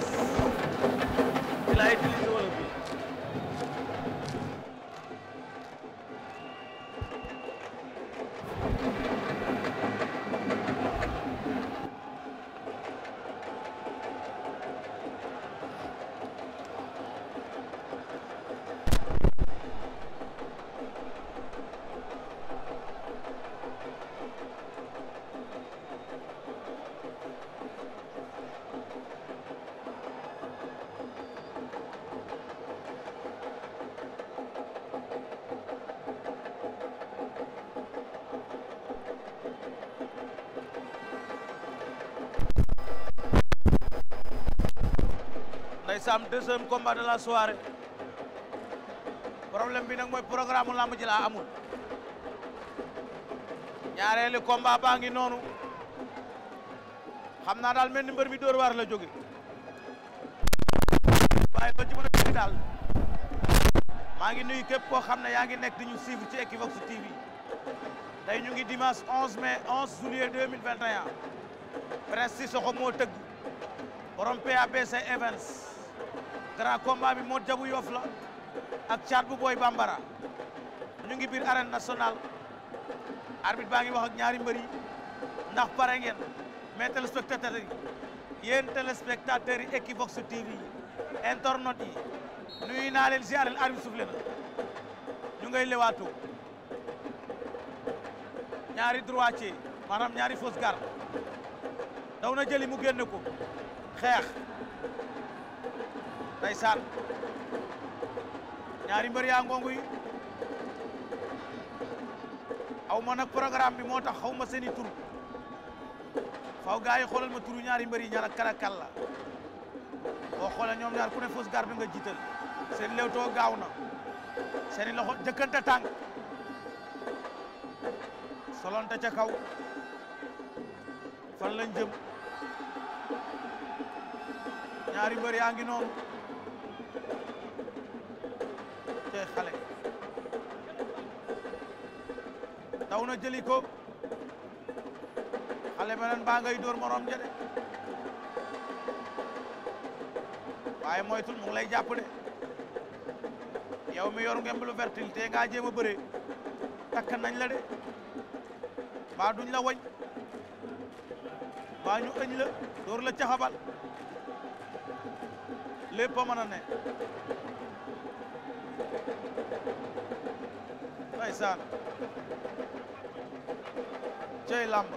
place deuxième combat de la soirée problème bi nag mooy programme u la ji laa amul ñaareelu combat baa ngi noonu xam naa daal mel ni mbër mi door waar la jóge waaye loo ci mën daal maa ngi nuyu képp koo xam ne yaa ngi nekk di ñu suivre ci Equivox TV tey ñu ngi dimanche 11 mai 11 juillet 2021 tëgg borom PABC Events grand combat bi moo jabu yoof la ak caat bu booy bambara ñu ngi biir arène nationale arbitre baa ngi wax ak ñaari mbër yi ndax pare ngeen mais téléspectateurs yi yéen téléspectateurs yi Equivox TV yi internautes yi nuyu naa leen ziar leen arbitre na ñu ngay lewaatoo ñaari droitier maanaam ñaari fausse garde daw na jëli mu génn ko xeex ndeysaan ñaari mbër yaa ngonguy aw ma nag programme bi moo tax xaw ma seeni tur faw gaa yi xoolal ma tur ñaari mbër yi ñaar ak karakal la boo xoolee ñoom ñaar ku ne fausse garde nga jiital seen lewtoo gaaw na seeni loxo jëkkante tàng solonte ca kaw fan lañ jëm ñaari mbër yaa ngi noonu doolee xale daw na jëli ko xale beneen baa ngay dóor morom ja de waaye moytul mu lay jàpp de yow mi yor ngemb lu fertilité nga jéem a bëree nañ la de mbaa duñ la wañ mbaa ñu ëñ la dóor la caxabal lépp a mën a ne ndeysaan cey làmb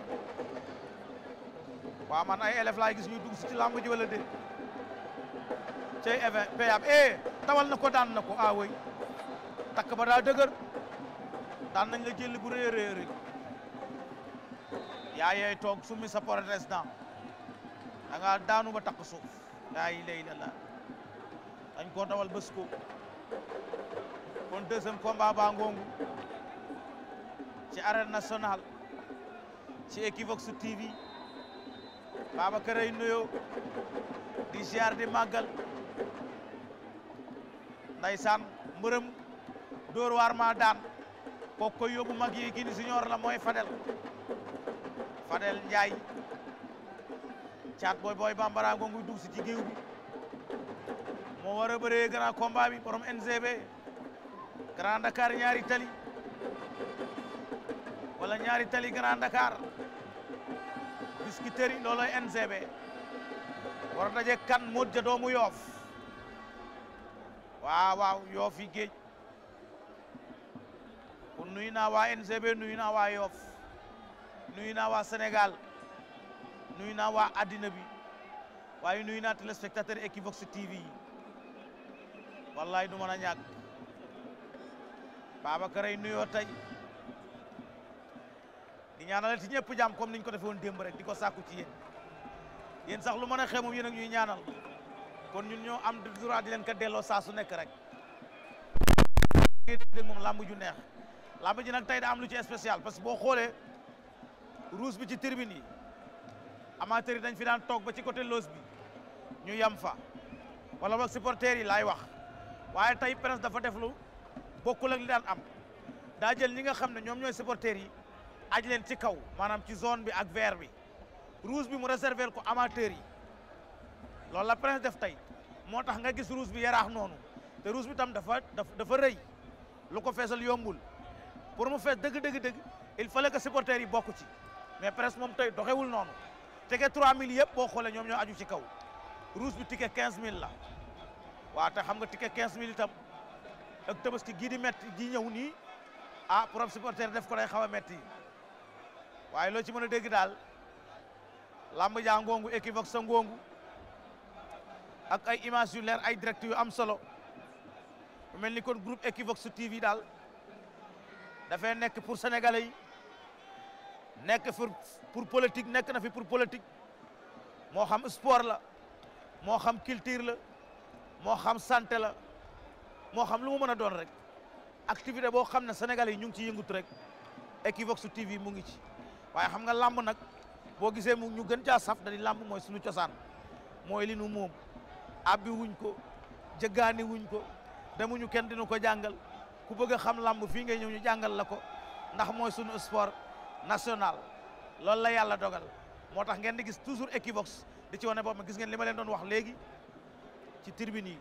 waaw man ay élève laay gis muy dugg si ci làmb ji wala dé cey event payab eh dawal na ko daan na ko a ah, woy takk ba daa dëgër daan nañ la jël bu rëy rëy rëy yaa toog sumi sa président da nga daanu ba takk suuf yaa lay la dañ koo dawal bés ko kon deuxième combat ba ci arène nationale ci Equivox TV Babacar ay di ziar di màggal ndaysaan mbërëm dóor waar ma daan ko koy yóbbu mag yi gini junior la mooy Fadel Fadel Ndiaye caat booy booy bambara ngongu dugg si ci géew moo war a bëree grand combat bi borom NGB Grand Dakar ñaari tali wala ñaari tali Grand Dakar Biscuiterie looloy NCB war daje kan Modou Dia doomu Yoff waaw waaw géej kon nuyu naa waa NCB nuyu naa waa Yoff nuyu naa waa Sénégal nuyu naa waa bi waaye nuyu naa téléspectateur Equivox TV yi wallaay du mën a ñàkk Babacar ay nuyoo tey i ñaanal ci ñëpp jàmm comme niñ ko defe woon démb rek di ko sàkku ci yéen yéen sax lu mën a xew moom nag ak ñuy ñaanal kon ñun ñoo am droit di leen ko delloo saa su nekk rek dégg moom làmb ju neex làmb ji nag tey da am lu ci spécial parce que boo xoolee ruus bi ci tirbini yi amateur dañ fi daan toog ba ci côté loos bi ñu yam fa wala boog supporters yi laay wax waaye tey presse dafa def lu bokkul ak li daan am daa jël ñi nga xam ne ñoom ñooy supporters yi aj leen ci kaw maanaam ci zone bi ak vert bi rouge bi mu réserver ko amateurs yi loolu la Prince def tey moo tax nga gis rouge bi yaraax noonu te rouge bi tam dafa dafa rëy lu ko feesal yombul pour mu fees dëgg dëgg dëgg il fallait que supporters yi bokk ci mais Prince moom tey doxewul noonu ticket 3000 yëpp boo xoolee ñoom ñoo aju ci kaw rouge bi quinze mille la waaw te xam nga ticket 15000 itam. ak tabaski gii di metti di ñëw nii ah pour am def ko day xaw a metti waaye loo ci mën a dégg daal làmb jaa ngongu Equivox sa ngongu ak ay image yu leer ay direct yu am solo mel ni kon groupe Equivox TV daal dafay nekk pour sénégalais nekk pour pour politique nekk na fi pour politique moo xam sport la moo xam culture la moo xam santé la moo xam lu mu mën a doon rek activité boo xam ne sénégalais yi ñu ngi ci yëngut rek Equivox TV mu ngi ci waaye xam nga làmb nag boo gisee mu ñu gën caa saf dañuy làmb mooy suñu cosaan mooy li nu moom abbi wuñ ko jëggaani wuñ ko demuñu kenn dinu ko jàngal ku bëgg a xam làmb fii ngay ñëw ñu jàngal la ko ndax mooy suñu sport national loolu la yàlla dogal moo tax ngeen di gis toujours Equivox di ci wane ma gis ngeen li ma leen doon wax léegi ci tribune yi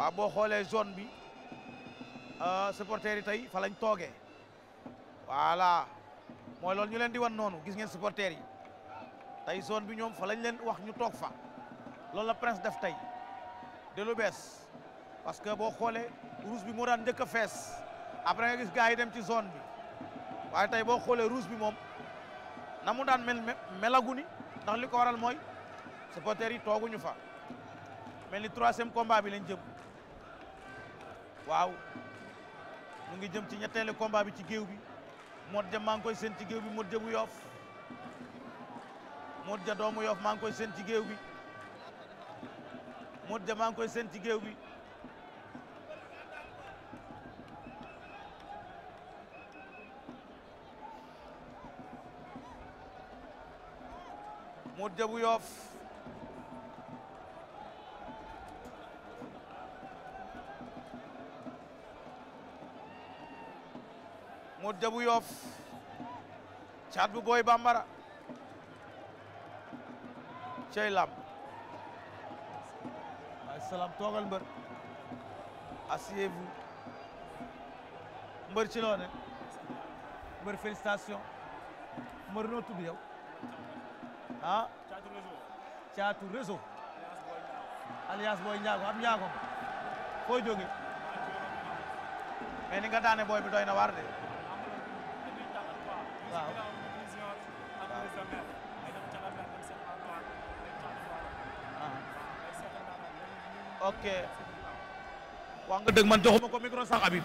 waaw boo xoolee zone bi euh, supporters yi tey fa lañ toogee voilà mooy loolu ñu leen di wan noonu gis ngeen supporters yi tey zone bi ñoom fa lañ leen wax ñu toog fa loolu la prince def tey de lu bees parce que boo xoolee rouge bi moo daan njëkk a fees après nga gis gars yi dem ci zone bi waaye tey boo xoolee rouge bi moom na mu daan mel melagu ndax li ko waral mooy supporters yi tooguñu fa me ni troisième combat bi lañ jëm waaw mu ngi jëm ci ñetteelu combat bi ci géew bi Mod Ja maa ngi koy seen ci géew bi Mod Ja bu Yoff Mod Ja doomu Yoff maa ngi koy seen ci géew bi Mod Ja maa ngi koy seen ci géew bi Mod Ja bu Modou Dia bu Yoff caat bu Boy Bambara cey lamb waaye salaam toogal mbër asseyez-vous mbër ci mbër félicitation mbër noo tudd yow ah? caatu réseau alias booy ñaago am ñaago foo jóge mais ni nga daane booy bi doy na waar waaw ok wax nga dëgg man joxuma ko micro sax Habib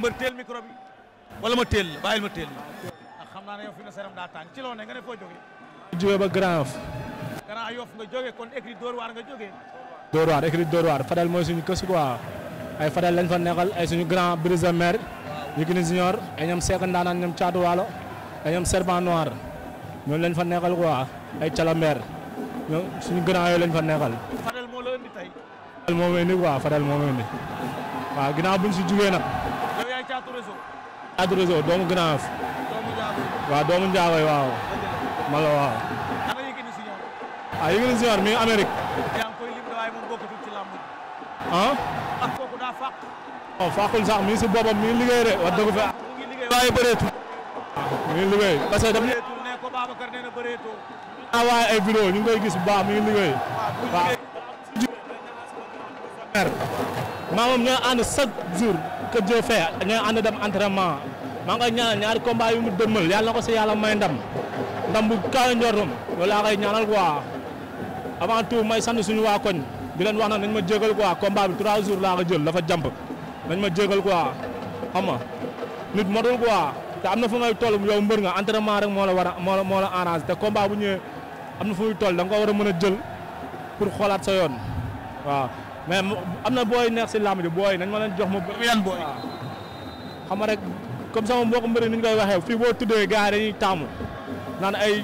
mbër teel micro bi wala ma teel la bàyyil ma teel la ah, xam naa ne yow fi na seram daa tàng ci loon ne nga ne foo jógee jógee ba Grand Yoff Grand Yoff nga jógee kon écrit Dóor nga jógee Dóor waar écrit Dóor waar Fadel mooy suñu kës quoi ay Fadel lañ fa neexal ay suñu grand brise de mer Yékini Junior ay ñoom Seck Ndaanaan ñoom Caatu Waalo ay ñoom serpent noir ñoom lañ fa neexal quoi ay calambeer ñoom suñu grand yooyu lañ fa neexal. Fadel moo la indi tey. Fadel moo ma indi quoi Fadel moo ma indi waaw buñ si jugee nag. yow yaay doomu grand af. doomu njaago waaw doomu waaw. ma la waaw. ana Yékini Senior. ah ah. ah kooku daa si boppam mi ngi liggéey de wax dëgg mi ngi liggéey parce que dañu. Ah, ñu ngi koy gis bu baax maa moom ñoo ànd chaque jour que Dieu fait ñoo ànd dem entraînement maa ngi ñaanal ñaari combat yu mu dëmmal yàlla na ko si yàlla may ndam ndam bu kaw njortam loolu laa koy ñaanal quoi avant may sant suñu waa koñ di leen wax nag nañ ma jégal quoi combat bi trois jours laa ko jël dafa jàmp nañ ma jégal quoi xam nga nit motul te am na fu ngay toll yow mbër nga entraînement rek moo la war a moo la moo la arrangé te combat bu ñëwee am na fu muy toll da war a mën a jël pour xoolaat sa yoon waaw mais am na booy neex si làmb ji booy nañ ma leen jox ma. yan booy xam nga rek comme sama mbokku mbër ni ñu koy waxee fii boo tuddee gars yi dañuy taamu naan ay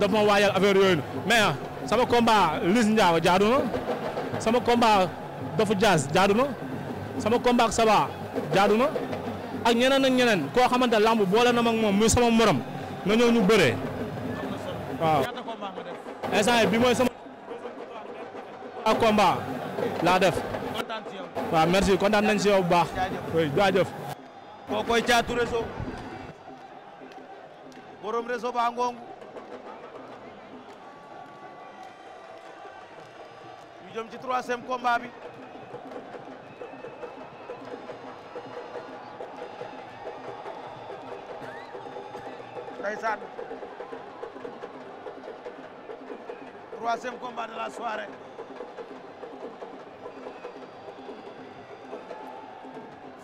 daf ma waajal affaire yooyu mais ah, sama combat Liss Ndiago jaadu na sama combat Dofu Diaz jaadu na sama combat ak jaadu na ak ñeneen ak ñeneen koo xamante lamb boole na ma moom muy sama morom nga ñëw ñu bëree waaw. bi mooy sama. a combat laa def. waaw merci kontaan nañ si yow bu baax. jaajëf koo koy caatu réseau. borom réseau ba ngooŋ. jëm ci troisième ndeysaan troisième combat de la soirée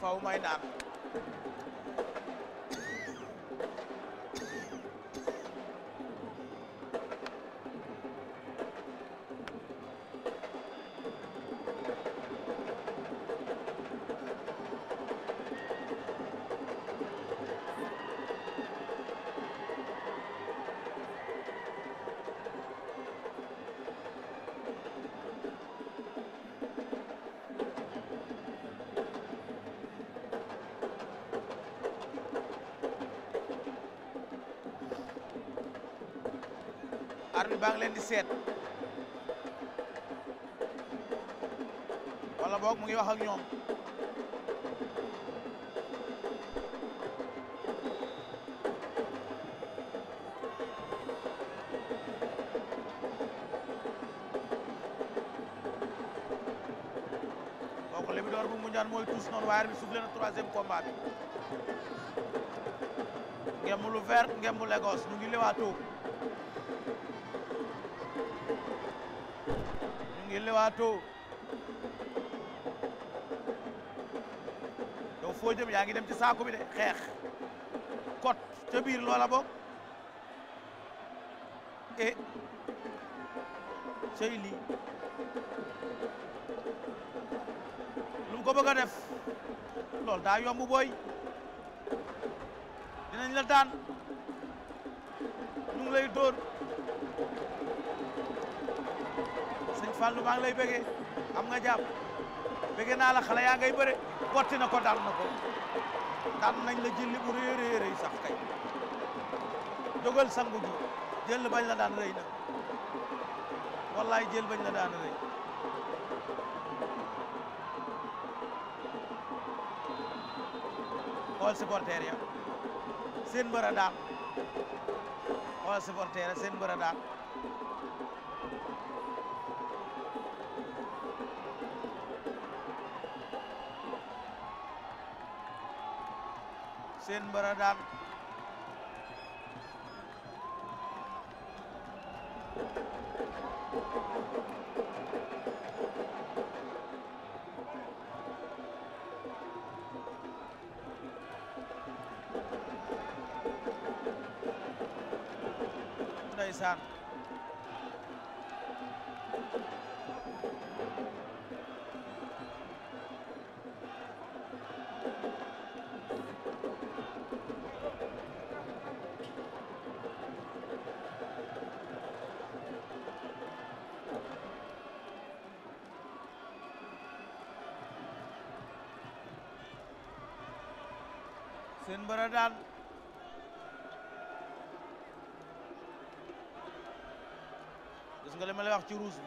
faw baa leen di seet wala boog mu ngi wax ak ñoom kooku li mu door bu mu njaan mooy tuus noonu waaye bi suuf leen troisième combat bi ngemb lu vert ngemb Lagos ñu ngi lewaatoo ngi lewaatoo yow foo jëm yaa ngi dem ci saako bi de xeex kot ca biir loola bokk e cey lii lu mu ko bëgg a def loolu daa yomb booy dinañ la daan maa ngi lay bëggee am nga jàpp bëggee naa la xale yaa ngay bëre botti na ko daan na ko daan nañ la jëlli bu rëy rëy sax dogal jógal sangu ji jël bañ la daan rëy na wallaay jël bañ la daan rëy xool supporter ya seen mbër a daan xool supporter ya seen mbër a daan seen mbër a daan bëre daan gis nga li ma wax ci ruus bi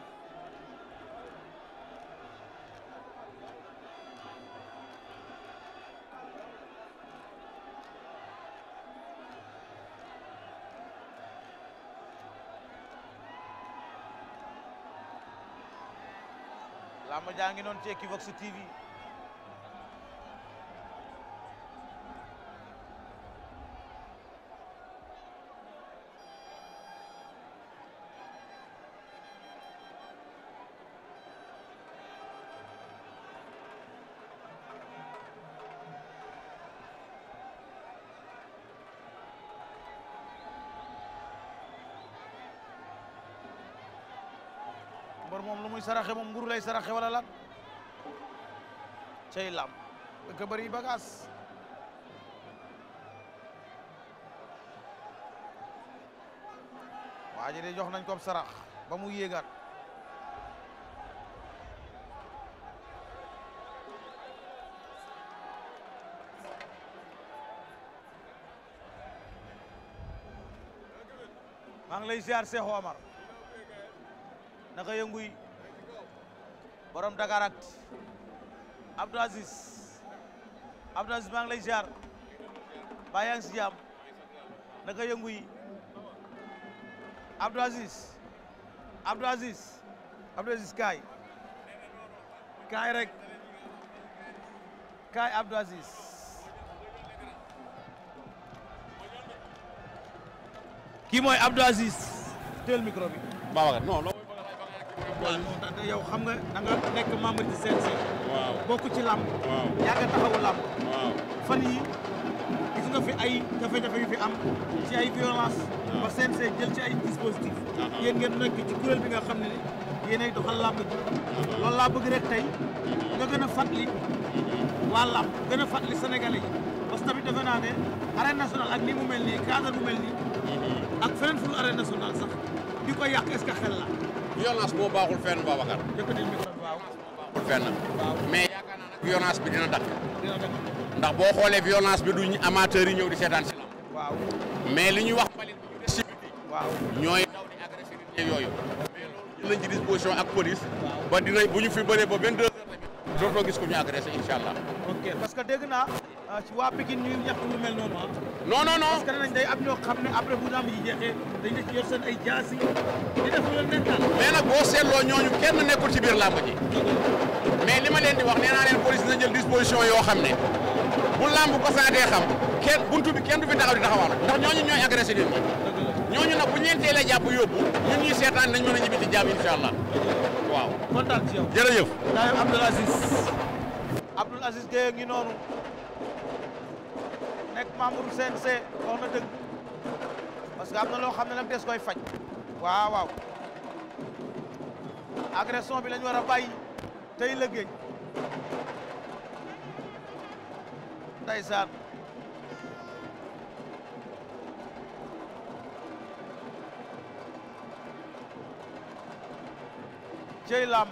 jaa ngi noonu ci Equivox TV par moom lu muy saraxe moom mburu lay saraxe wala lan cay lam dëkk bëri bagaas waa ji de jox nañ ko sarax ba mu yéegaat maa ngi lay ziar Cheikh naka yënguy borom Dakarat Abdou Aziz Abdou Aziz maa ngi lay jaar ba yaa ngi si jàmm naka yënguy Abdou Aziz Abdou Aziz kaay kaay rek kaay Abdou Aziz kii mooy Abdou Aziz teel micro waaw yow xam nga da nekk membre du CNG. waaw bokk ci làmb. waaw yàgg a taxawu làmb. fan yi gis nga fi ay jafe-jafe yu fi am ci ay violence ba CNG jël ci ay dispositif uh-huh. yéen ngeen nekk ci kuréel bi nga xam ne yéenay doxal làmb ji uh-huh. loolu laa bëgg rek tey nga gën a fàttali uh-huh. waa làmb gën a fàttali sénégalais yi parce que tamit defe naa ne arène nationale ak ni mu mel nii cadre bu mel nii ak feneen fu arène nationale sax di ko yàq est xel la violence moo baaxul fenn Babacar. fenn mais yaakaar naa nag violence bi dina dakk ndax boo xoolee violence bi duñ amateurs yi ñëw di seetaan si lamb mais li ñuy wax mbalit bi ñu ñooy daw di agressé nit yooyu mais nañ ci disposition ak police ba dinañ bu ñu fi bëree ba 22 dootoo gis ku ñu agressé incha allah. ok parce que dégg naa euh, ci waa Pikine ñuy ñaxtu lu mel noonu ah. non non non parce nekkul ci biir làmb ji. mais li leen di wax nee naa leen na jël disposition yoo xam ne bu làmb ko saa xam kenn buntu bi kenn du fi taxaw di taxawal ndax ñooñu ñooy agressé nit ñi. ñooñu nag bu ñu leen jàpp yóbbu ñun ñuy seetaan nañ mën a ñibbi ci jàmm incha allah. waaw kontaan ci yow. jërëjëf. naayam Abdoul Aziz. Abdoul Aziz Gueye ngi nekk membre CNC wax na dëgg parce que am na loo xam ne nag des koy faj. waaw waaw agression bi lañ war a bàyyi tey la géej cey làmb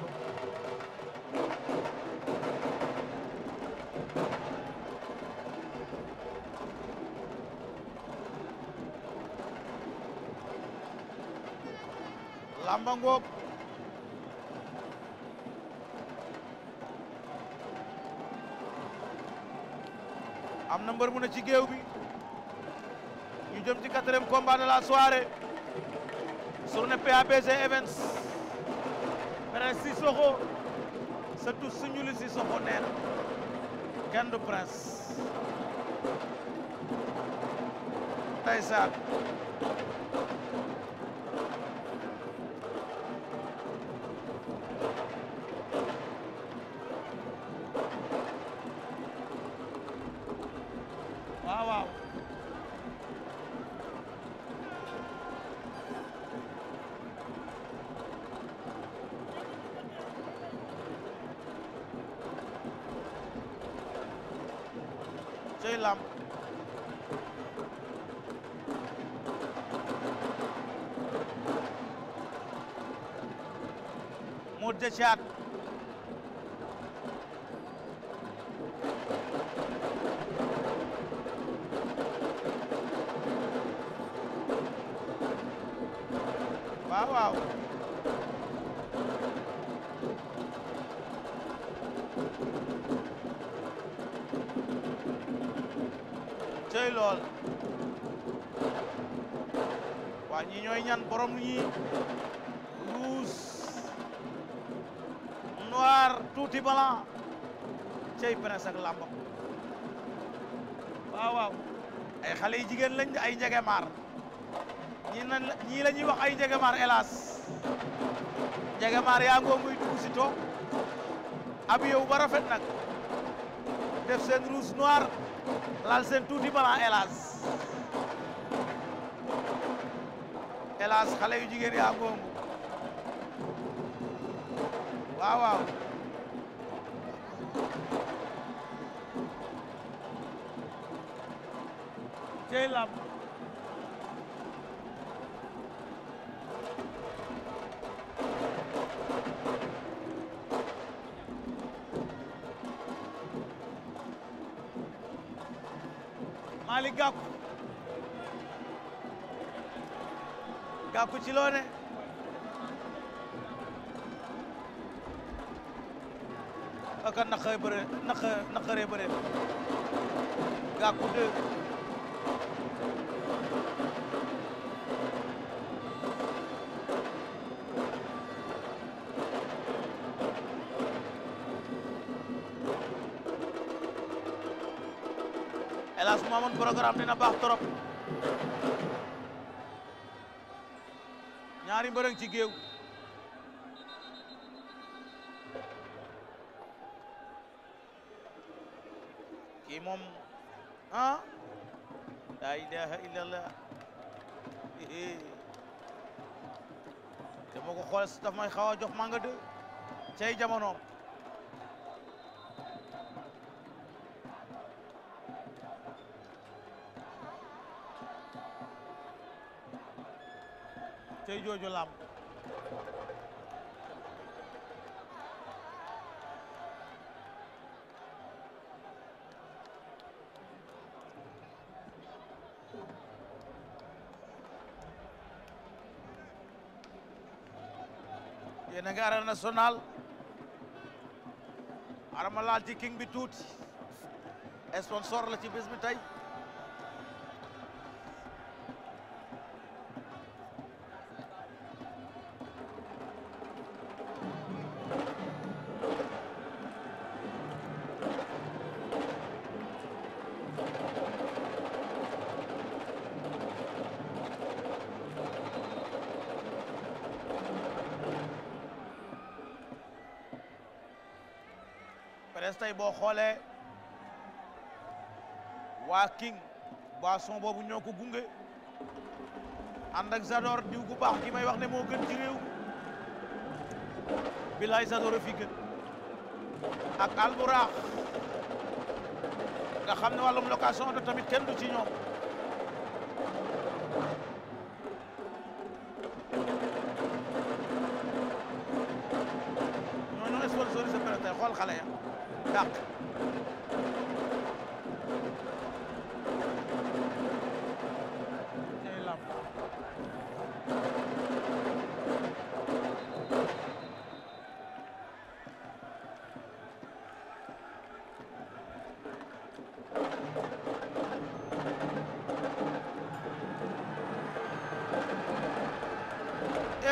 lamba ngoog am na mbër mu ne ci géew bi ñu jëm ci quatrième combat de la soirée sur ne PABC prince Sissoko surtout suñu si Sissoko nee na kenn du prince ndeysaan मोर्चाची आत petit balan cey prince ak waaw waaw ay xale yu jigéen lañ ay njegemaar ñii nan ñii la ñuy wax ay njegemaar hélas njegemaar yaa ngoo muy dugg si toog ab yow ba rafet nag def seen rouge noir laal seen tuuti balan hélas hélas xale yu jigéen yaa ngoo waaw waaw cey làmb Malick Gakou Gakou ci loo ne programme dina baax trop ñaari ci géew kii moom ah la ilaha illallah te ma ko xool si xaw a jox manga de cay jamono tey jooju làmb yéen a ngi ci king bi tuuti sponsor la ci bés bi tey boo xoolee waa King boisson boobu ñoo ko gunge ànd ak Zador diw gu baax gi may wax ne moo gën ci réew bilaay Zador a gën ak Alburaax nga xam ne wàllum location oto tamit kenn ci ñoom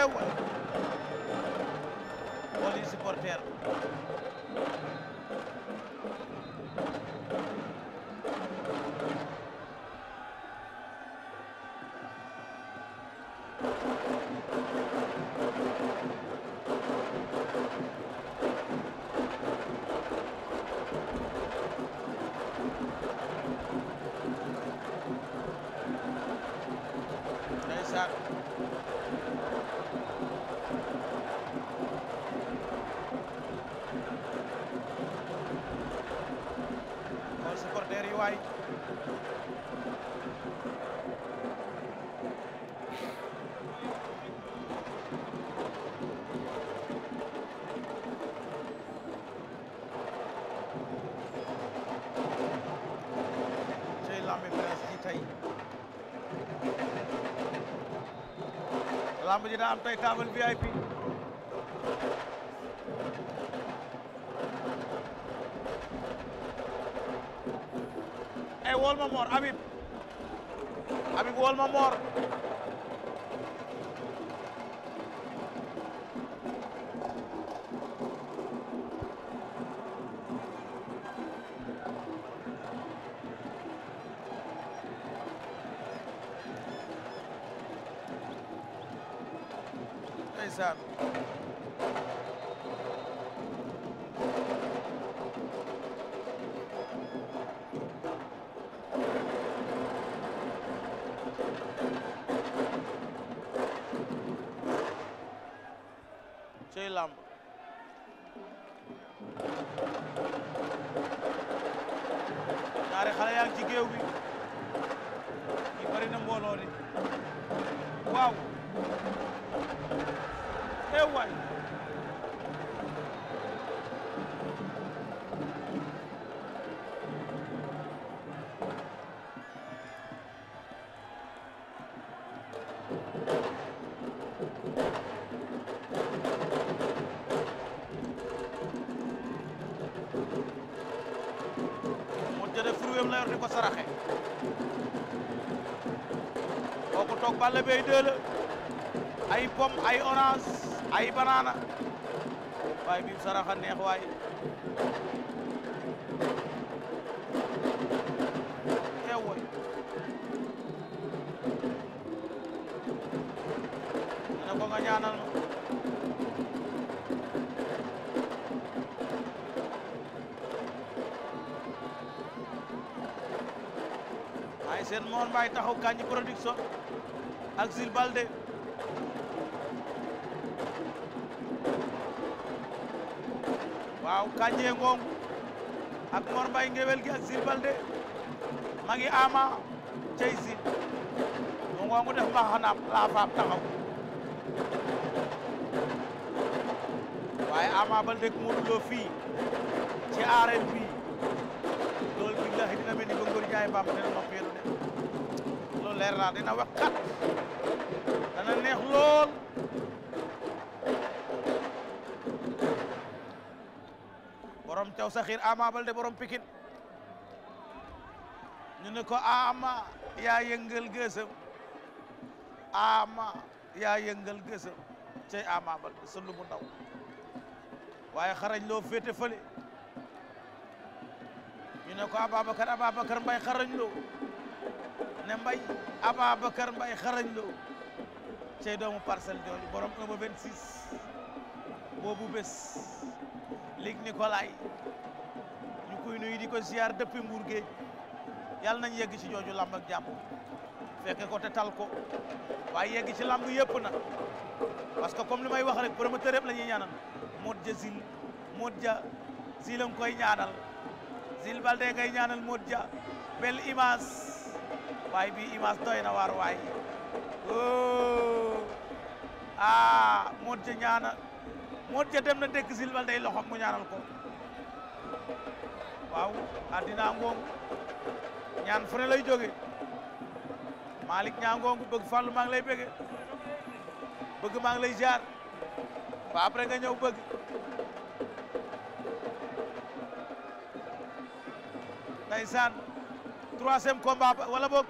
rew wala supporter lamb ji daa am tey table VIP Balla Gaye 2 ay pomme ay orange ay banana waaye bi saraxa neex waaye ewoy ne ko nga ñaanal ma ay seen moon mbay taxaw kañ production Axel Balde waaw Kagne Ngom ak Mor Mbaye ngewel gi Axel Balde ma ngi ama cey si mu ngoongu def mbaxanaam laa faam taxaw waaye ama Balde ku mu duloo ci arène bi loolu billahi dina mel ni ba Ngor Njaay Bamba dina ma de loolu leer naa dina wax kat neex lool borom caw saxir Ama Baldé borom Pikine ñu ne ko Ama yaa yëngal gësëm Ama yaa yëngal gësëm cey Ama Baldé sa lu ndaw waaye xarañ loo féete fële ñu ne ko Ababacar Ababacar Mbaye xarañ loo ne Mbaye Ababacar Mbaye xarañ loo cey doomu parcelle jooju borom 1 ba 26 boobu bés Luc Nicolaï ñu koy nuyu di ko ziar depuis Mbour géej yàlla nañ yegg ci jooju lamb ak jàmm fekke ko te tal ko waaye yegg ci lamb yëpp na parce que comme li may wax rek promoteur yëpp la ñuy ñaanal Mod Ja Zil Mod Ja Zil a ngi koy ñaanal Zil Balde ngay ñaanal Mod Ja belle image waaye bi image doy na waar waaye Oh. ah Mod ja ñaana Mod ja dem na dëkk silbal day loxom mu ñaanal ko waaw addina ñaan fu lay jóge Malick ñaa ngoom bëgg fàllu maa ngi lay bëgge bëgg maa ngi lay jaar ba après nga ñëw bëgg ndeysaan troisième combat wala boog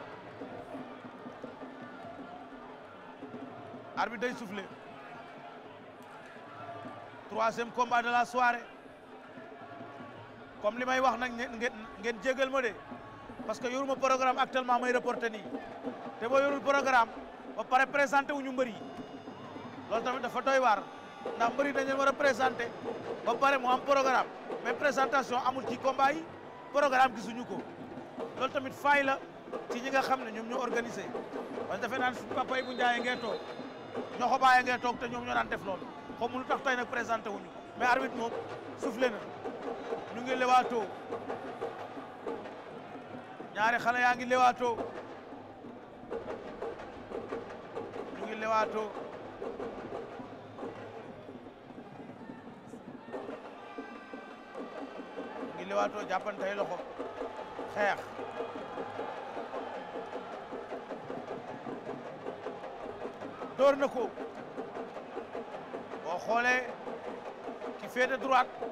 arbitre day soufflé troisième combat de la soirée comme li may wax nag ngeen jégal ma de parce que yoruma programme actuellement may reporté nii te boo yorul programme ba pare présenté wu mbëri mbër yi loolu tamit dafa doy waar ndax mbër yi dañ war a présenté ba pare mu am programme mais présentation amul ci combat yi programme gisuñu ko loolu tamit faay la ci ñi nga xam ne ñoom ñu organisé parce que defe naan papa yi bu njaayee ngeen toog ñoo ko bàyyee ngeen toog te ñoom ñoo daan def loolu xaw ma lu tax tey nag présenté wuñu mais arbitre moom soufflé na ñu ngi lewaatoo ñaari xale yaa ngi lewaatoo ñu ngi lewaatoo ñu ngi lewaatoo jàppante ay loxo xeex door na ko boo xoolee ki féete droite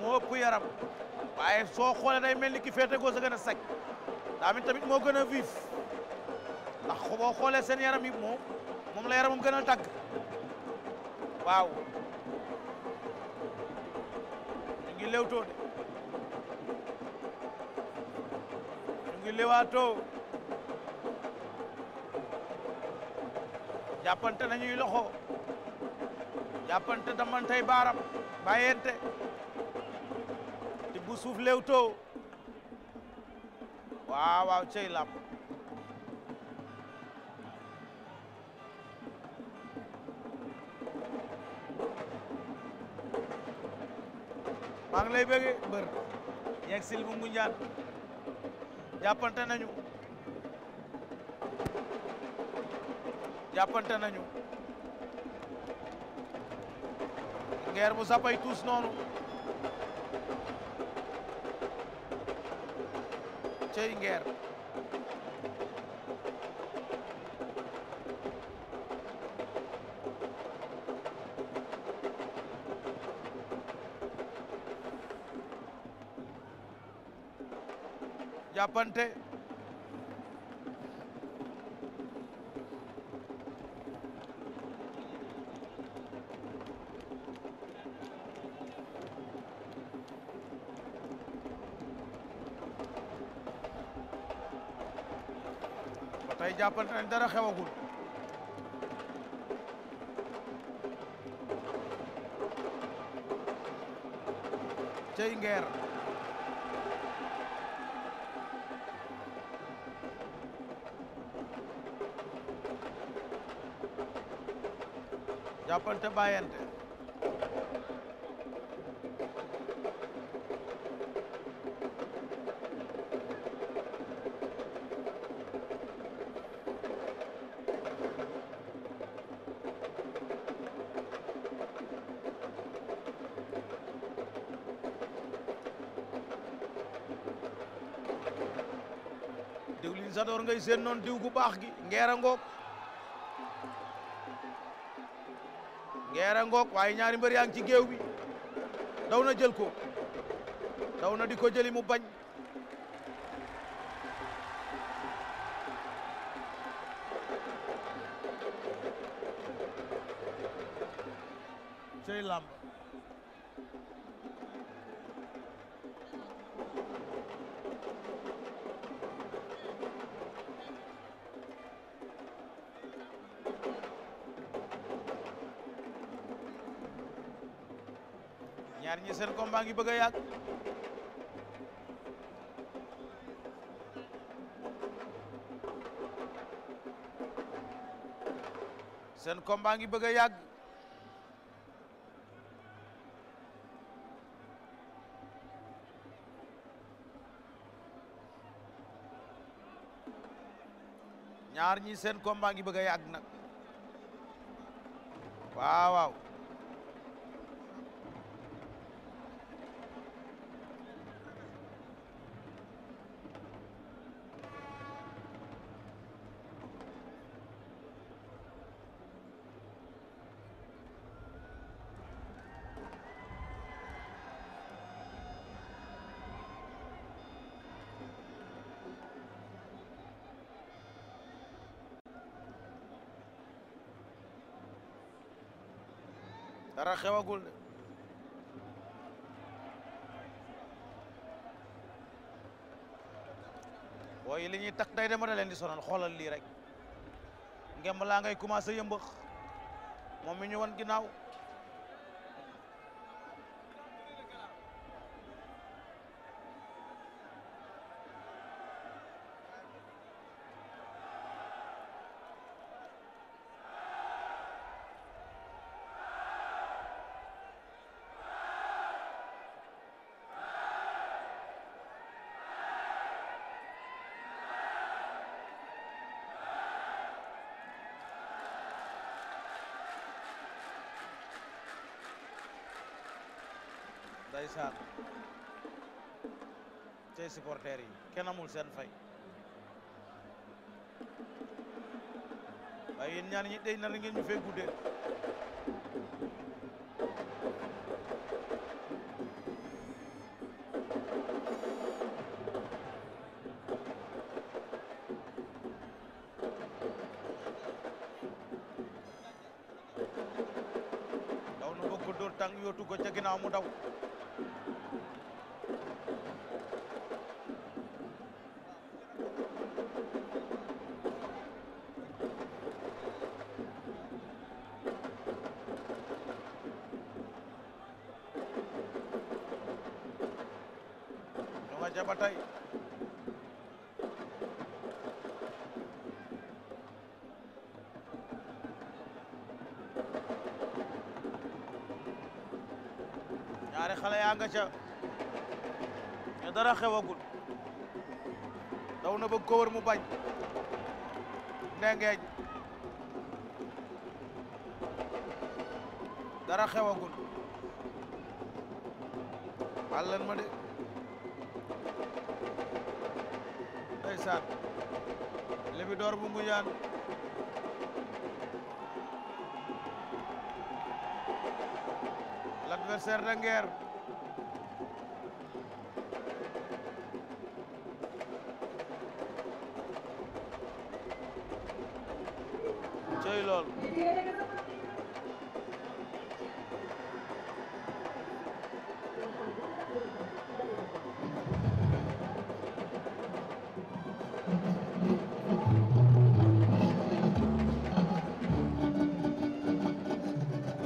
moo ëpp yaram waaye soo xoolee day mel ni ki féete gauche a gën a sec daa mit tamit moo gën a vif ndax boo xoolee seen yaram yi moom moom la yaramam gën a tàgg waaw ñu ngi lewtoo de ñu ngi lewaatoo jàppante nañuy loxo jàppante damantey baaram bàyyente ti bu suuf lewtoo waaw waaw cey làmb maa ngi lay bëgge mbër yegg ngunjaan jàppante nañu jàppante nañu ngeer bu sapay tuus noonu cey ngeer jàppante jàppante nañ dara xewagul cey ngeer ba bàyyante Sador ngay seen noon diw gu baax gi ngeer a ngoog ngeer a ngoog waaye ñaari mbër yaa ngi ci géew bi daw na jël ko daw na di ko jëli mu bañ ñaar ñi seen combat ngi bëgg ngi bëgg a yàgg ñaar ñi seen baa ngi bëgg a yàgg nag waaw waaw xewagul de booy li ñuy takk day dema a leen di sonal xoolal lii rek ngemb laa ngay commencé yëmbëx moom mi ñu wan ginnaaw ndeysaan tey supporters yi kenn amul seen fay waaye yéen ñaan ñi day nar ngeen ñu fay guddee ko ca ginnaaw mu daw yaa nga ca te dara xewagul daw na bëgg ko wër mu bañ ndengeeñ dara xewagul allan ma de ndeysaan lebi door bu ngujaan l'adversaire de guerre mooy loolu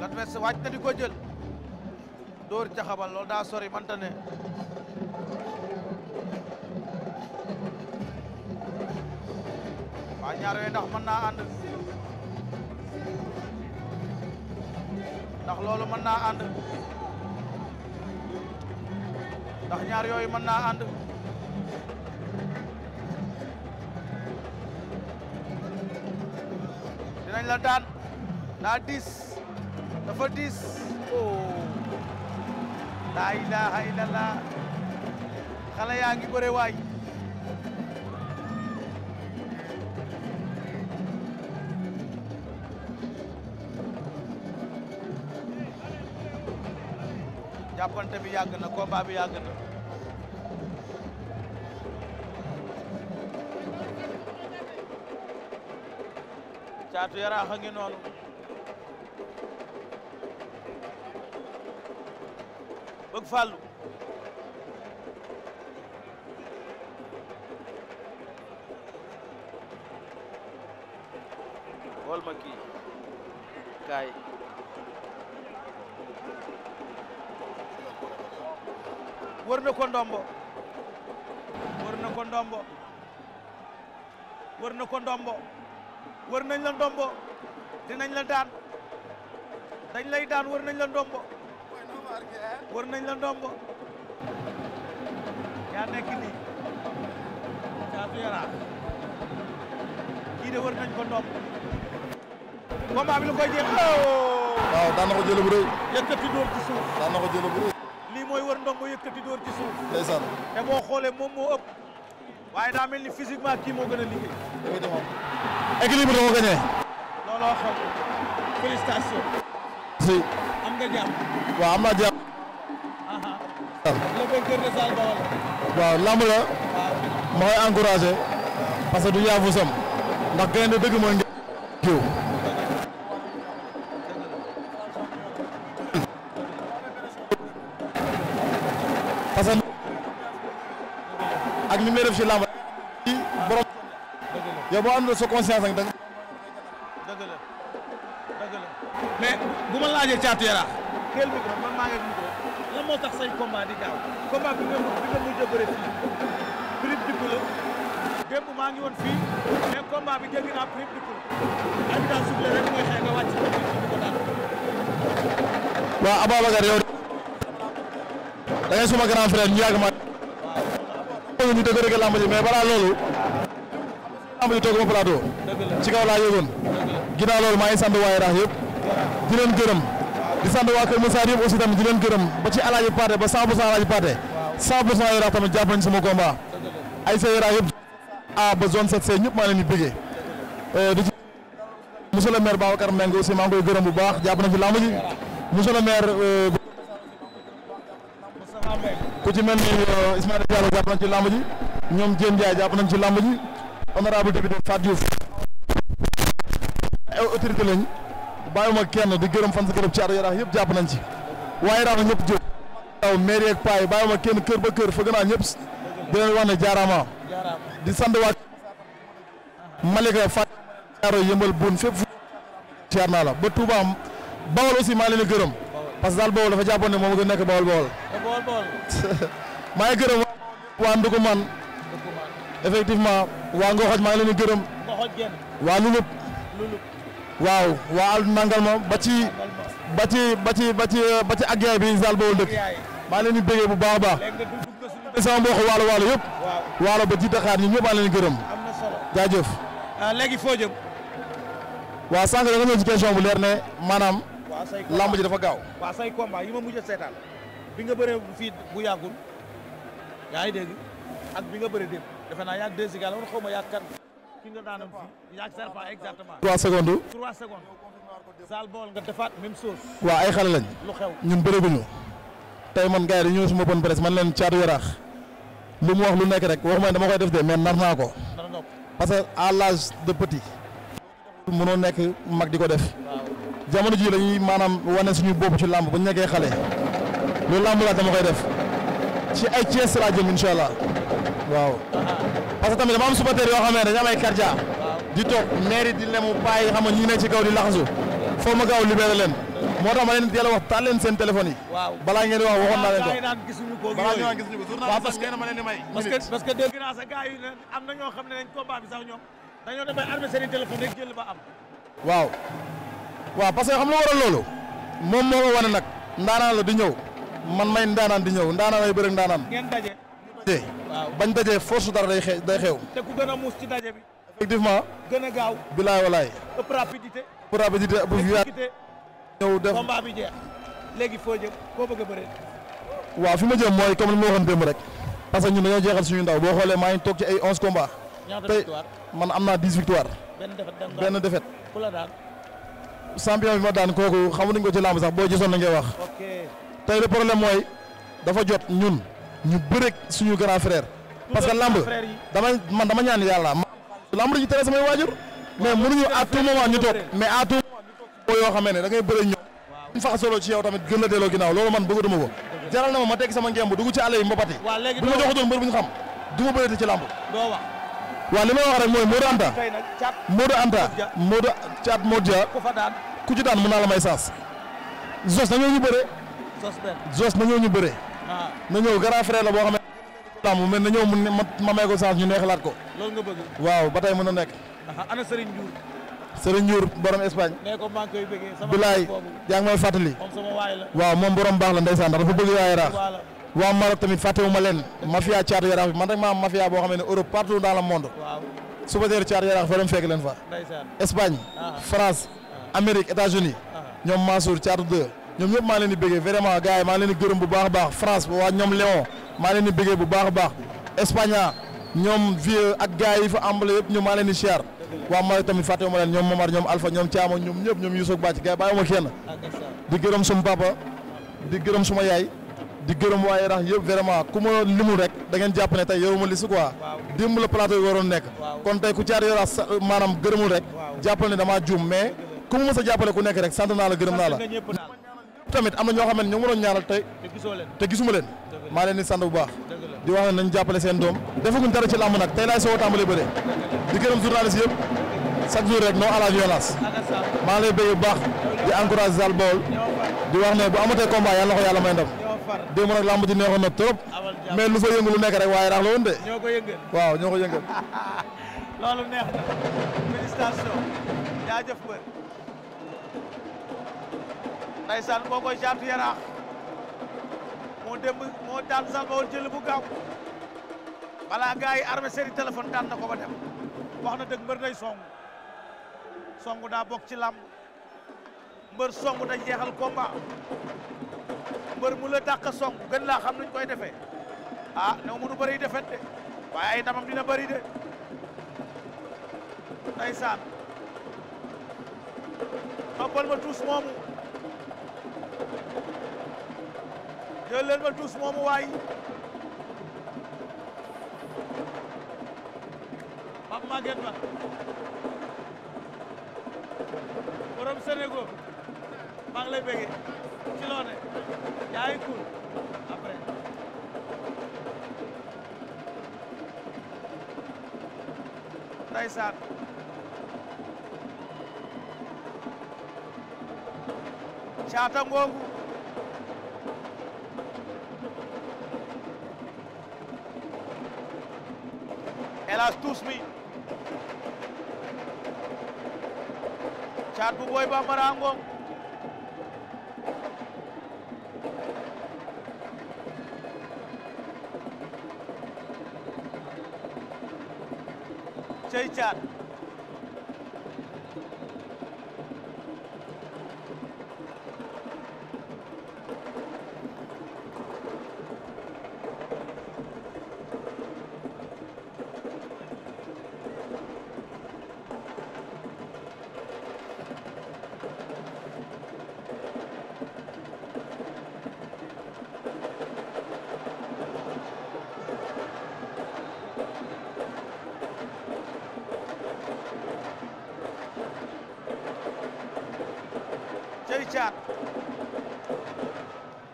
l'adversaire waaj na di ko jël dóor jaxabal loolu daa sori manta ne waa ñaar yooyu ndax mën naa ànd ndax loolu mën naa ànd ndax ñaar yooyu mën naa ànd dinañ la daan daa diis dafa diis o oh. laa ilaha illallah xale yaa ngi bëre waay diggante yàgg na combat bi yàgg na caatu yaraax a ngi noonu bëgg wër na ko ndombo wër na ko ndombo wër na ko ndombo wër nañ la ndombo dinañ la daan dañ lay daan wër nañ la ndombo wër nañ la ndombo yaa nekk nii Caatu Yaraax kii de wër nañ ko ndombo combat bi lu koy jeex oh! waaw daan na ko jël bu rëy yëkkati dóor ci suuf daan ndongo yëkkati dóor ci suuf. ndeysaan te boo moom moo ëpp waaye daa ni physiquement kii moo gën a liggéey. dëgg la moom. équilibre moo gagné. looloo xam si. am nga jàmm. am naa jàmm. de Sall Bawol. waaw lamb la. ma parce que du yaafu sam. ndax gaynde dëgg mooy ngi. def ci làmb borom boo àndul sa conscience ak danga dëgg bu ma laajee caatu yaraax quel micro man maa ngi ak micro lan moo tax say combat di gaaw combat bi nga bi maa ngi woon fii mais combat bi jéggi naa prix du la arbitre soufflé rek mooy xëy nga wàcc di ko daan waaw Ababacar yow da ngay suma grand ma ñu dëgg dëgg làmb ji mais balaa loolu làmb ji tooguma plateau ci kaw maa ngi sant waa Yaraax yëpp di leen gërëm di sant waa Kër Moussa yëpp aussi tamit di leen gërëm ba ci alaaji Paate ba 100 pour cent alaaji Paate 100 pour cent Yaraax tamit jàpp nañ sama combat ay sa Yaraax yëpp a ba zone 7C ñëpp maa leen di bëggee euh, di ci monsieur le maire Babacar aussi maa ngi koy gërëm bu baax jàpp na ci làmb ji monsieur le maire euh, ku ci mel ni euh, Ismaïla Diallo jàpp nañ ci làmb ji ñoom Diène Ndiaye jàpp nañ ci làmb ji honorable député Fatou Diouf autorité lañ bàyyiwuma kenn di gërëm fan sa gërëm Caatu Yaraax yëpp jàpp nañ ci waaye daal ñëpp jóg waaw mairie ak paa yi bàyyiwuma kenn kër ba kër fëgg naa ñëpp di leen wax ne jaaraama di sant waa Malika Fatou Caaro yëmbal buun fépp fu jaar naa la ba Touba Bawol aussi maa leen di gërëm parce que daal boobu dafa jàppoon ne moom nga nekk bool bool. maa ngi waa Ndukuman. effectivement waa Ngoxoj maa leen di waa Lulub. Lulub. waaw waa al nangal ma ba ci. ba bi Zal Baol dëkk. maa leen di bu baax a baax. léegi sama mbokk waalo waalo yëpp. waalo ba ci Dakar ñun maa leen di gërëm. am na solo ah, waa sànq da nga bu leer ne maanaam. lamb ji dafa gaaw a seetaan bi nga bëree fii bu yàggul yaa ngi dégg ak bi nga bëree démb defe naa yaag deux sigal woon xaw ma yaag kan ki nga daanam fii yaag serpa exactement trois secondes trois secondes saal bool nga defaat même chose waaw ay xale lañ lu xew ñun bëreeguñu tey man gars yi dañu ñëw suma bonne presse man leen caatu yaraax lu mu wax lu nekk rek waxuma dama koy def de mais nar naa ko parce que à l'âge de petit mënoo nekk mag di ko def jamono ji dañuy maanaam wane suñu bopp ci làmb bu ñu nekkee xale loolu làmb laa dama koy def ci ay Thiès laa jëm incha allah waaw. parce que tamit dama am supporter yoo xam ne am ay karja di toog mairie di lemu paay xam nga ñu ne ci kaw di laxasu foo ma gaaw libéré leen moo tax ma leen teel a wax taal leen seen téléphone yi. waaw balaa ngeen di wax waxoon naa leen ko. balaa ngeen di gis waaw parce am na ñoo xam ñoom dañoo dem ba seen i téléphone waaw. waaw parce que xam lu waral loolu moom moo ma wane nag ndaanaan la di ñëw man may ndaanaan di ñëw ndaanaan ay bëri ndaanaan. ngeen daje. bañ dajee force dara day xew day xew. te ku gën a ci daje bi. effectivement. gën a gaaw bilaay walaay. ëpp rapidité. bu viat. ñëw def combat bi jeex. léegi foo jëm koo bëgg a bëree. waaw fi ma jëm mooy comme li ma waxoon démb rek. parce que ñun dañoo jeexal suñu ndaw boo xoolee maa ngi toog ci ay onze combats. tey man am naa dix victoire. benn défaite benn défaite. ku la champion bi ma daan kooku xamu nañ ko ci làmb sax boo gisoon na ngay wax tey le problème mooy dafa jot ñun ñu bëreeg suñu grand frère. parce que làmb dama man dama ñaan yàlla. làmb dañu tere samay waajur. mais mënuñu à tout moment ñu toog mais à tout moment yoo xamee ne da ngay bëreeg ñoom. ñu fax solo la delloo ginnaaw loolu ma ma teg sama ngemb dugg ci àll yi mbapati. waaw léegi bu ma joxutoon mbër bu ñu xam du ma bëreeti ci làmb. waa li may wax rek mooy Modou Anta Modou Anta Modou Thiat Modou Dia ku ci daan mën naa la may saas Zos na ñëw ñu bëre Zos na ñëw ñu bëre ah. na ñëw grand frère la boo xam ne mu mel na ñëw mu ma may ko saas ñu neexalaat ko loolu nga waaw ba tey mën na nekk ana Serigne Ndiour Serigne Ndiour borom Espagne nee ko maa ngi koy bëggee sama bilaay yaa ngi may fàttali waaw moom borom baax la ndeysaan dafa bëgg yaay raax waa Maroc tamit fàttewuma leen mafia caatu yaraax bi man rek ma am mafia boo xam ne Europe partout dans le monde. waaw suba teel caatu yaraax fa dem fekk leen fa. Espagne. Ah. France ah. Amérique États-Unis ah. ñoom Mansour caatu deux ñoom ñëpp maa leen di bëggee vraiment gars yi maa leen gërëm bu baax a baax France waa ñoom Léon maa leen di bu baax a baax Espagne ñoom vieux ak gars yi fa ambale yëpp ñoom maa leen di siyaar waa Maroc tamit fàttewuma leen ñoom Momar ñoom Alpha ñoom Thiamo ñoom ñëpp ñoom Youssou Bàcc gars yi bàyyiwuma kenn di gërëm suma papa gërëm suma yaay di gërëm waa Yaraax yëpp vraiment ku ma limul rek dangeen ngeen jàpp ne tey yoruma li si quoi démb la plateau yi waroon nekk kon tey ku caar Yaraax maanaam gërëmul rek jàppal ne damaa juum mais ku mu mës a jàppale ku nekk rek sant naa la gërëm naa la tamit am na ñoo xam ne ñoo ma doon ñaanal tey te gisuma leen maa leen di sant bu baax di wax ne nañ jàppale seen doom defaguñ dara ci làmb nag tey laay soo tàmbalee bëre di gërëm journaliste yëpp chaque jour la violence lay béy baax di encouragé Zal Baol di bu amatee combat yàlla yàlla may ndam démb nag lamb ji trop. mais lu fa yëngu lu nekk rek waaye rax la de. ñoo ko yëngal waaw ñoo ko yëngal. loolu neex na. félicitation. jaajëf ba. ndaysaan boo koy jaatu yaraax. moo démb moo daan Samba woon jël bu gaaw. balaa gars yi armé seen daan na ko ba dem. wax na dëgg mbër day song. song daa bokk ci lamb. mbër song da jeexal combat. mbër mu la dàq song gën laa xam nuñ koy defee ah new mënu bëri defet de waaye ay ndamam dina bëri de ndeysaan noppal ma tuus moomu jël ma tuus moomu waay Pape Maguette Ba borom Sénégal maa ngi lay béggee loone yaay kun après ndeysaan caata ngoogu hélas tuus mi caat bu booy bambara ngoogu cey caat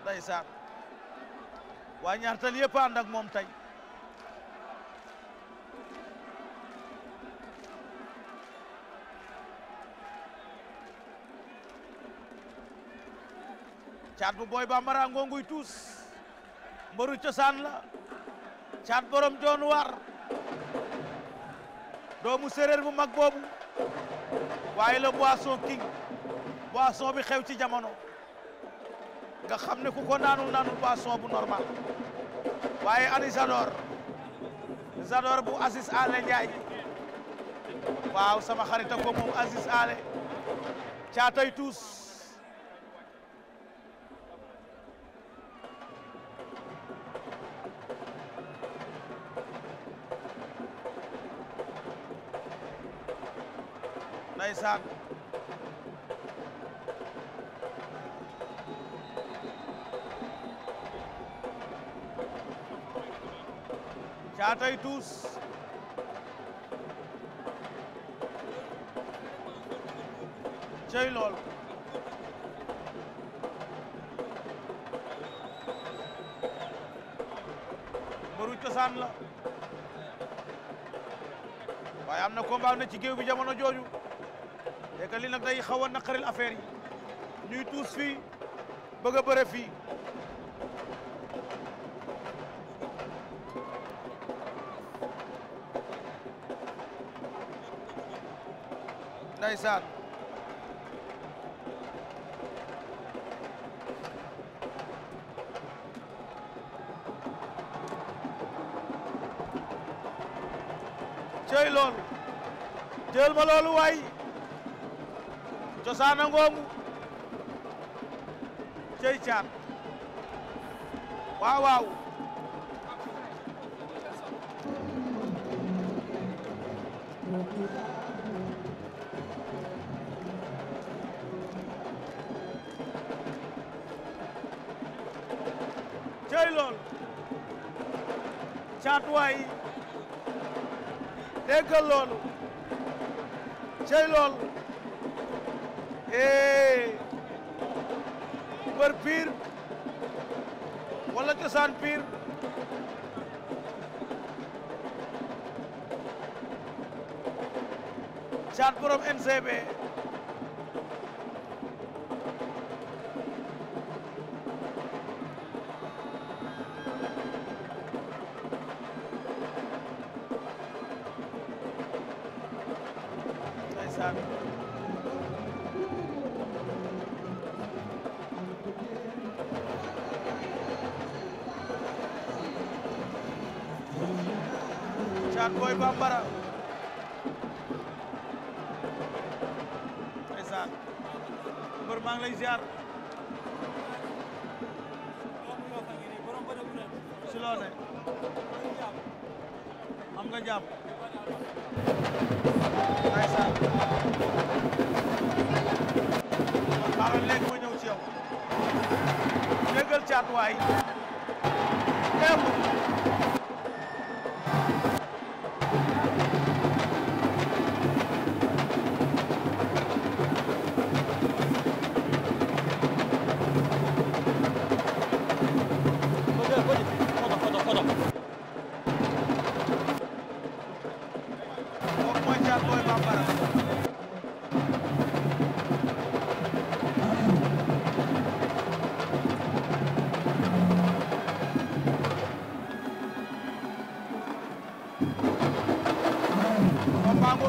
ndeysaan waa ñaartal yëpp ànd ak tuus mbaru cosaan la caat borom joon war doomu séréer bu mag boobu waaye la boisson king boisson bi xew ci jamono nga xam ne ku ko naanul naanul boisson bu normal waaye ani Zador bu Aziz Ale Ndiaye waaw sama xarita ko moom Aziz Ale caatay tuus ndeysaan laatay tuus cey lool mbëru cosaan la waaye am na combat ne ci géew bi jamono jooju te li nag day xaw a naqaril affaire yi ñuy tuus fii bëgg a fii ndeysaan cey loolu jël ma loolu waay cosaana ngoongu cey caat waaw waaw cay lool caatuwaay déggal loolu lool ee mbër piir wala cosaan piir caat borom NCB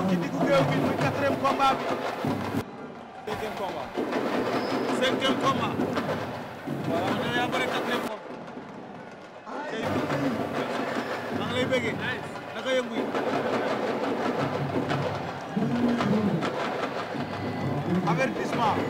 ñëw ci diggu géew bi muy quatrième combat bi. cinquième combat. cinquième combat. waaw man de yaa bëri quatrième combat. tey maa ngi lay bëggee. naka yëngu yi. avertissement.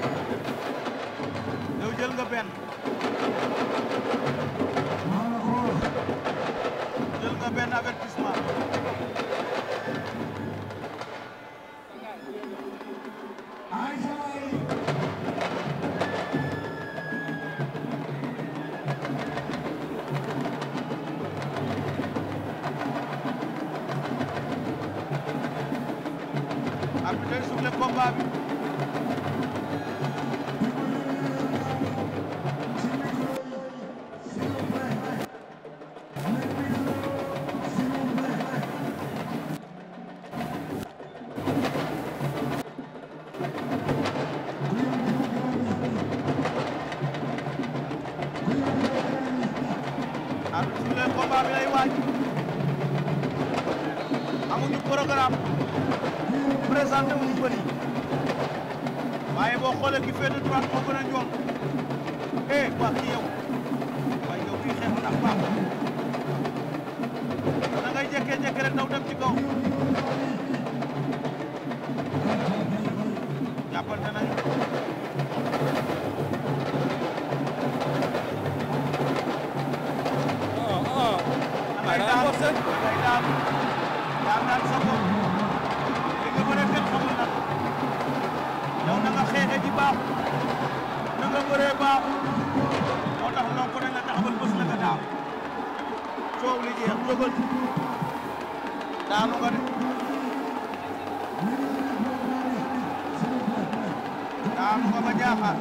am xooba jaaxaar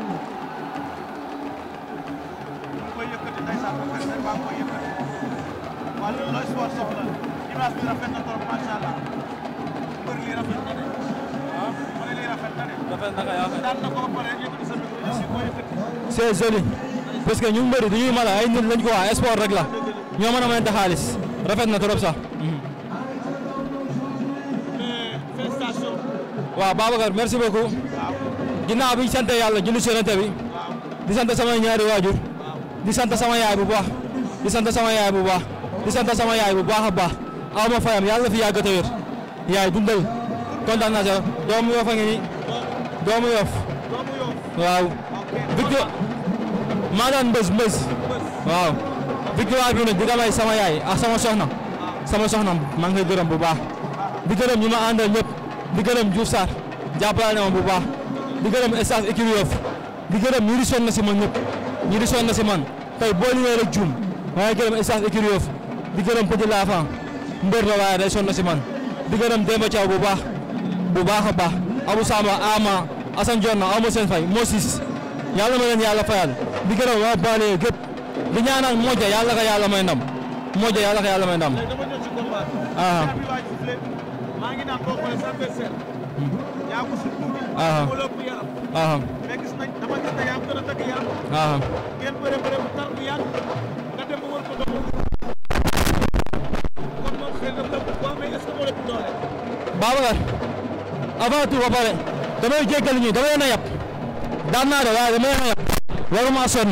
mu koy yëkkati ndeysaan ba fekk rek baa koy yëkkati waa loolu looy sport soxla image bi rafet na trop macha allah mbër lii rafet na de ah mu ne lii rafet na de rafet na kay rafet daan na ko pare yëkkati sa micro aussi koy yëkkati c'est joli parce que ñu mbëri dañuy mala ay nit lañ ko waa sport rek la ñoo mën a mayante xaalis rafet na trop sax eh, waaw Babacar merci beaucoup ginnaaw bi ñu sant yàlla julli si yonente bi di sant sama ñaari waajur di sant sama yaay bu baax di sant sama yaay bu baax di sant sama yaay bu baax a baax aw fayam yàlla fi yàggata te wér yaay dundal kontaan naa sa doomu Yoff ngi nii doomu Yoff waaw victoire maa daan mbës mbës waaw victoire bi nag di damay sama yaay ak sama soxna sama soxna maa ngi koy gërëm bu baax di gërëm ñu ma àndal ñëpp di gërëm Diouf Sarr jàppale na bu baax di gërëm staff équipe Yoff di gërëm ñi di sonn si man ñëpp ñi di sonn si man tey boo ñëwee rek juum maa ngi gërëm staff équipe di gërëm Petit Lafan mbër la waaye day sonn si man di gërëm Demba Thiaw bu baax bu baax a baax Abou Sama Ama Assane Dior na aw ma seen fay moo siis yàlla ma leen yàlla fayal di gërëm waa Baale gépp di ñaanal Modja yàlla ka yàlla may ndam Modja yàlla ka yàlla may ndam. ah. yaa ko sut tuuti. wala ëpp yaram. mais gis nañ dama gis ne yaa gën a dëgg yaram. ngeen na yab daan naa de waaye na yab waruma sonn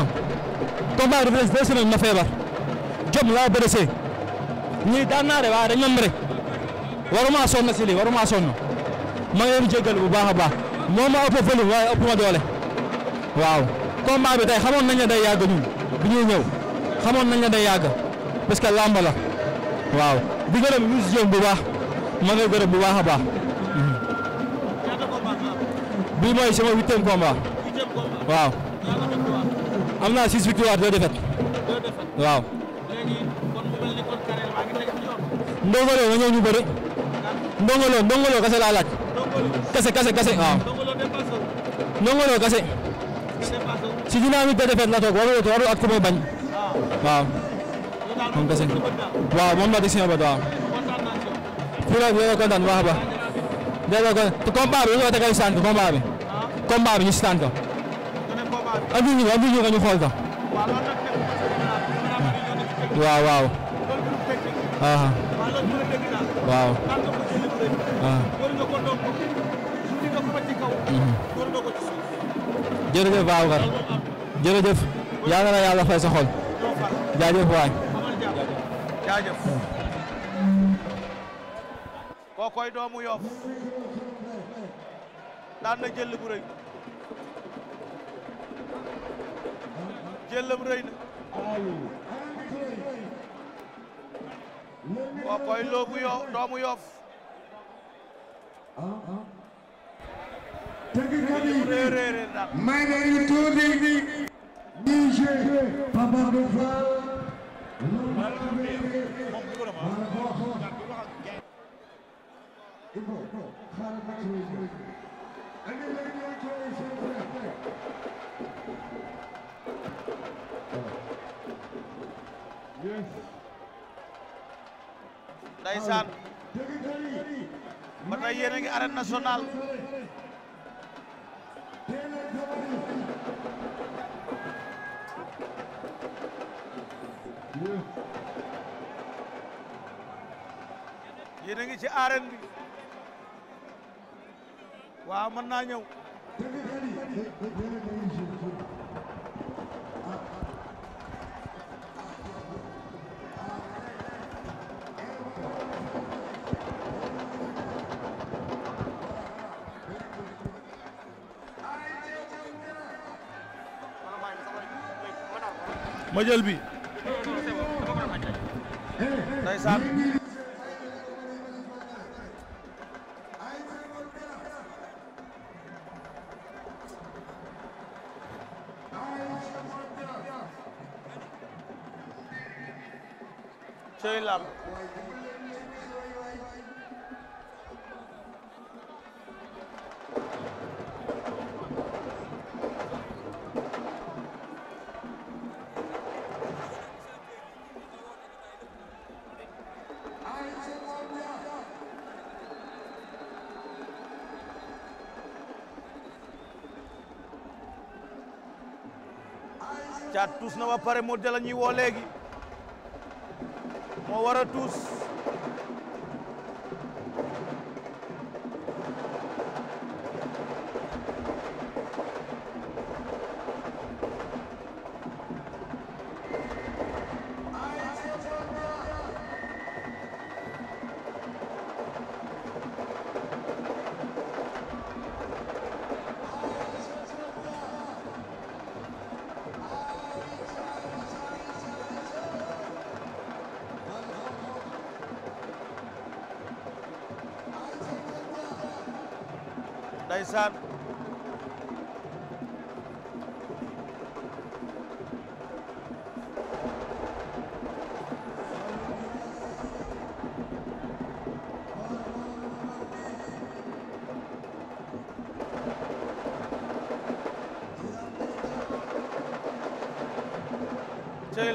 combat feebar jom laa blessé ñii daan naa de waaye dañ ma mere waruma sonn ma ngi leen jéggal bu baax a baax moom ma ëpp volume waaye ëpp ma doole waaw combat bi tey xamoon nañ ne day yàgg ñun bi ñuy ñëw xamoon nañ ne day yàgg parce que làmb la bu baax ma ngi bu baax a baax bii mooy sama huitième combat waaw am naa six victoires deux défaites waaw ndongolo nga ñëw ñu bëri ndongolo ndongolo kese laa laaj kase kase kase waaw. Ah. nongolo kase. si dynamique de défaite la toog warul warul at ku may bañ. waaw. moom kase waaw moom la di si ñëwaat waaw. fii la yéen a kontaan bu baax a baax. yéen a kontaan te combat bi ñu ko tegal si tànk combat bi. combat bi ñu si tànk. andi ñu ko andi ñu ko ñu xool ko. waaw waaw. waaw. waaw. jërëjëf Babacar jërëjëf yàlla na yàlla fay sa xol jaajëf waay jaajëf kookoy doomu Yoff daan na jël bu rëy jëllam rëy na kookoy loobu doomu Yoff tëggkat yi may nañu tuuti ñuy joué Papa Abdou Fall ndeysaan ba tey yéen a ngi arène nationale yéen a ngi ci arène bi waaw mën naa ñëw ma jël bi ndeysaan tuus na ba pare moo Dia la ñuy woo léegi moo war a tuus ndeysaan cey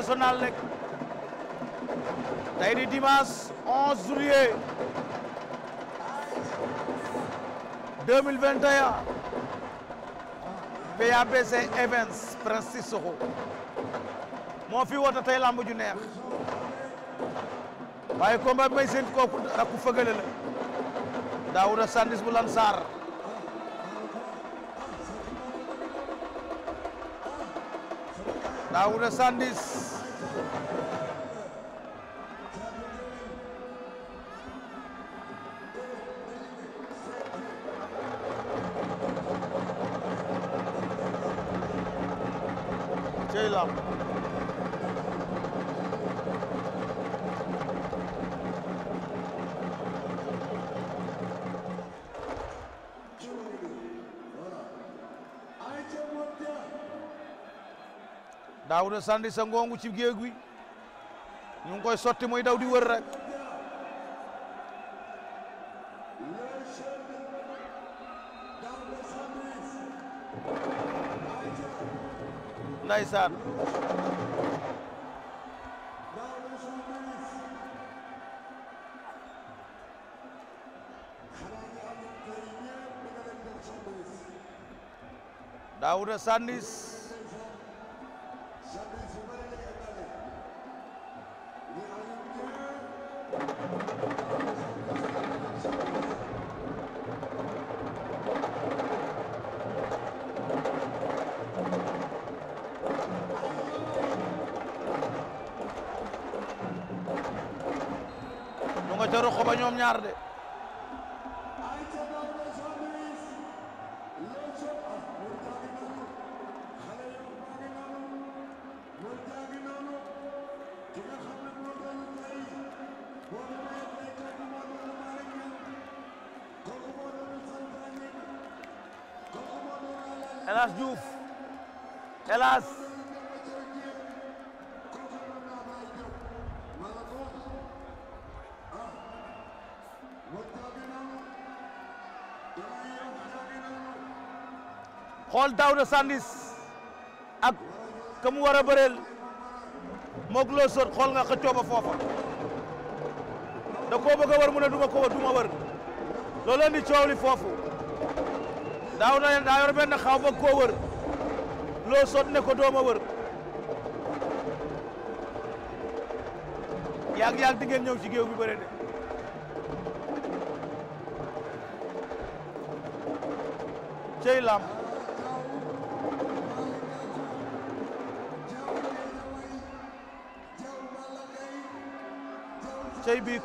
national nekk tey di dimanche 11 juillet PABC Events Prince Sissoko moo fi woote tey lamb ju neex waaye combat bi may seen kooku rakku fëgale la Daouda Sandis bu Lansar Daouda Sandis daw na sa ngongu ci géeg wi ñu ngi sotti muy daw di wër rek ndaysaan Daouda Sandis ba ñoom ñaar de Daouda Sandis ak ka mu war a bëreel moog loo sot xool nga xëccoo ba foofa da koo bëgg a wër mu ne du ma ko wër du ma wër loolu indi coow li foofu Daouda daa yor xaw bëgg koo wër loo ne ko doo wër yàgg-yàgg di ñëw ci géew bi bëre de cey làmb cey bii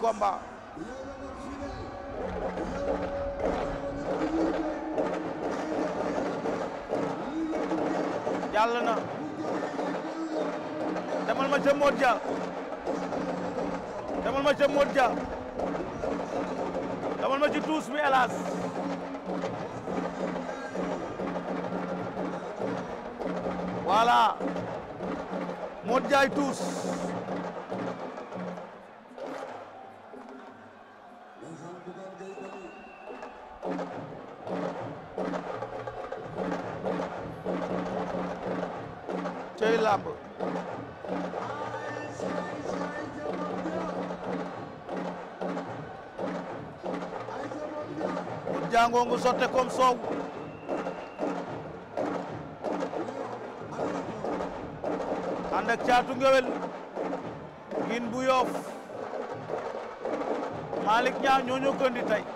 jàll na demal ma ca Modou Dia demal ma ca Modou Dia demal ma ci tuus mi hélas voilà Modou Dia tuus ngongu sotte comme soow ànd ak caatu ngewel ngin bu yoof Malick Niang ñoo ñu tey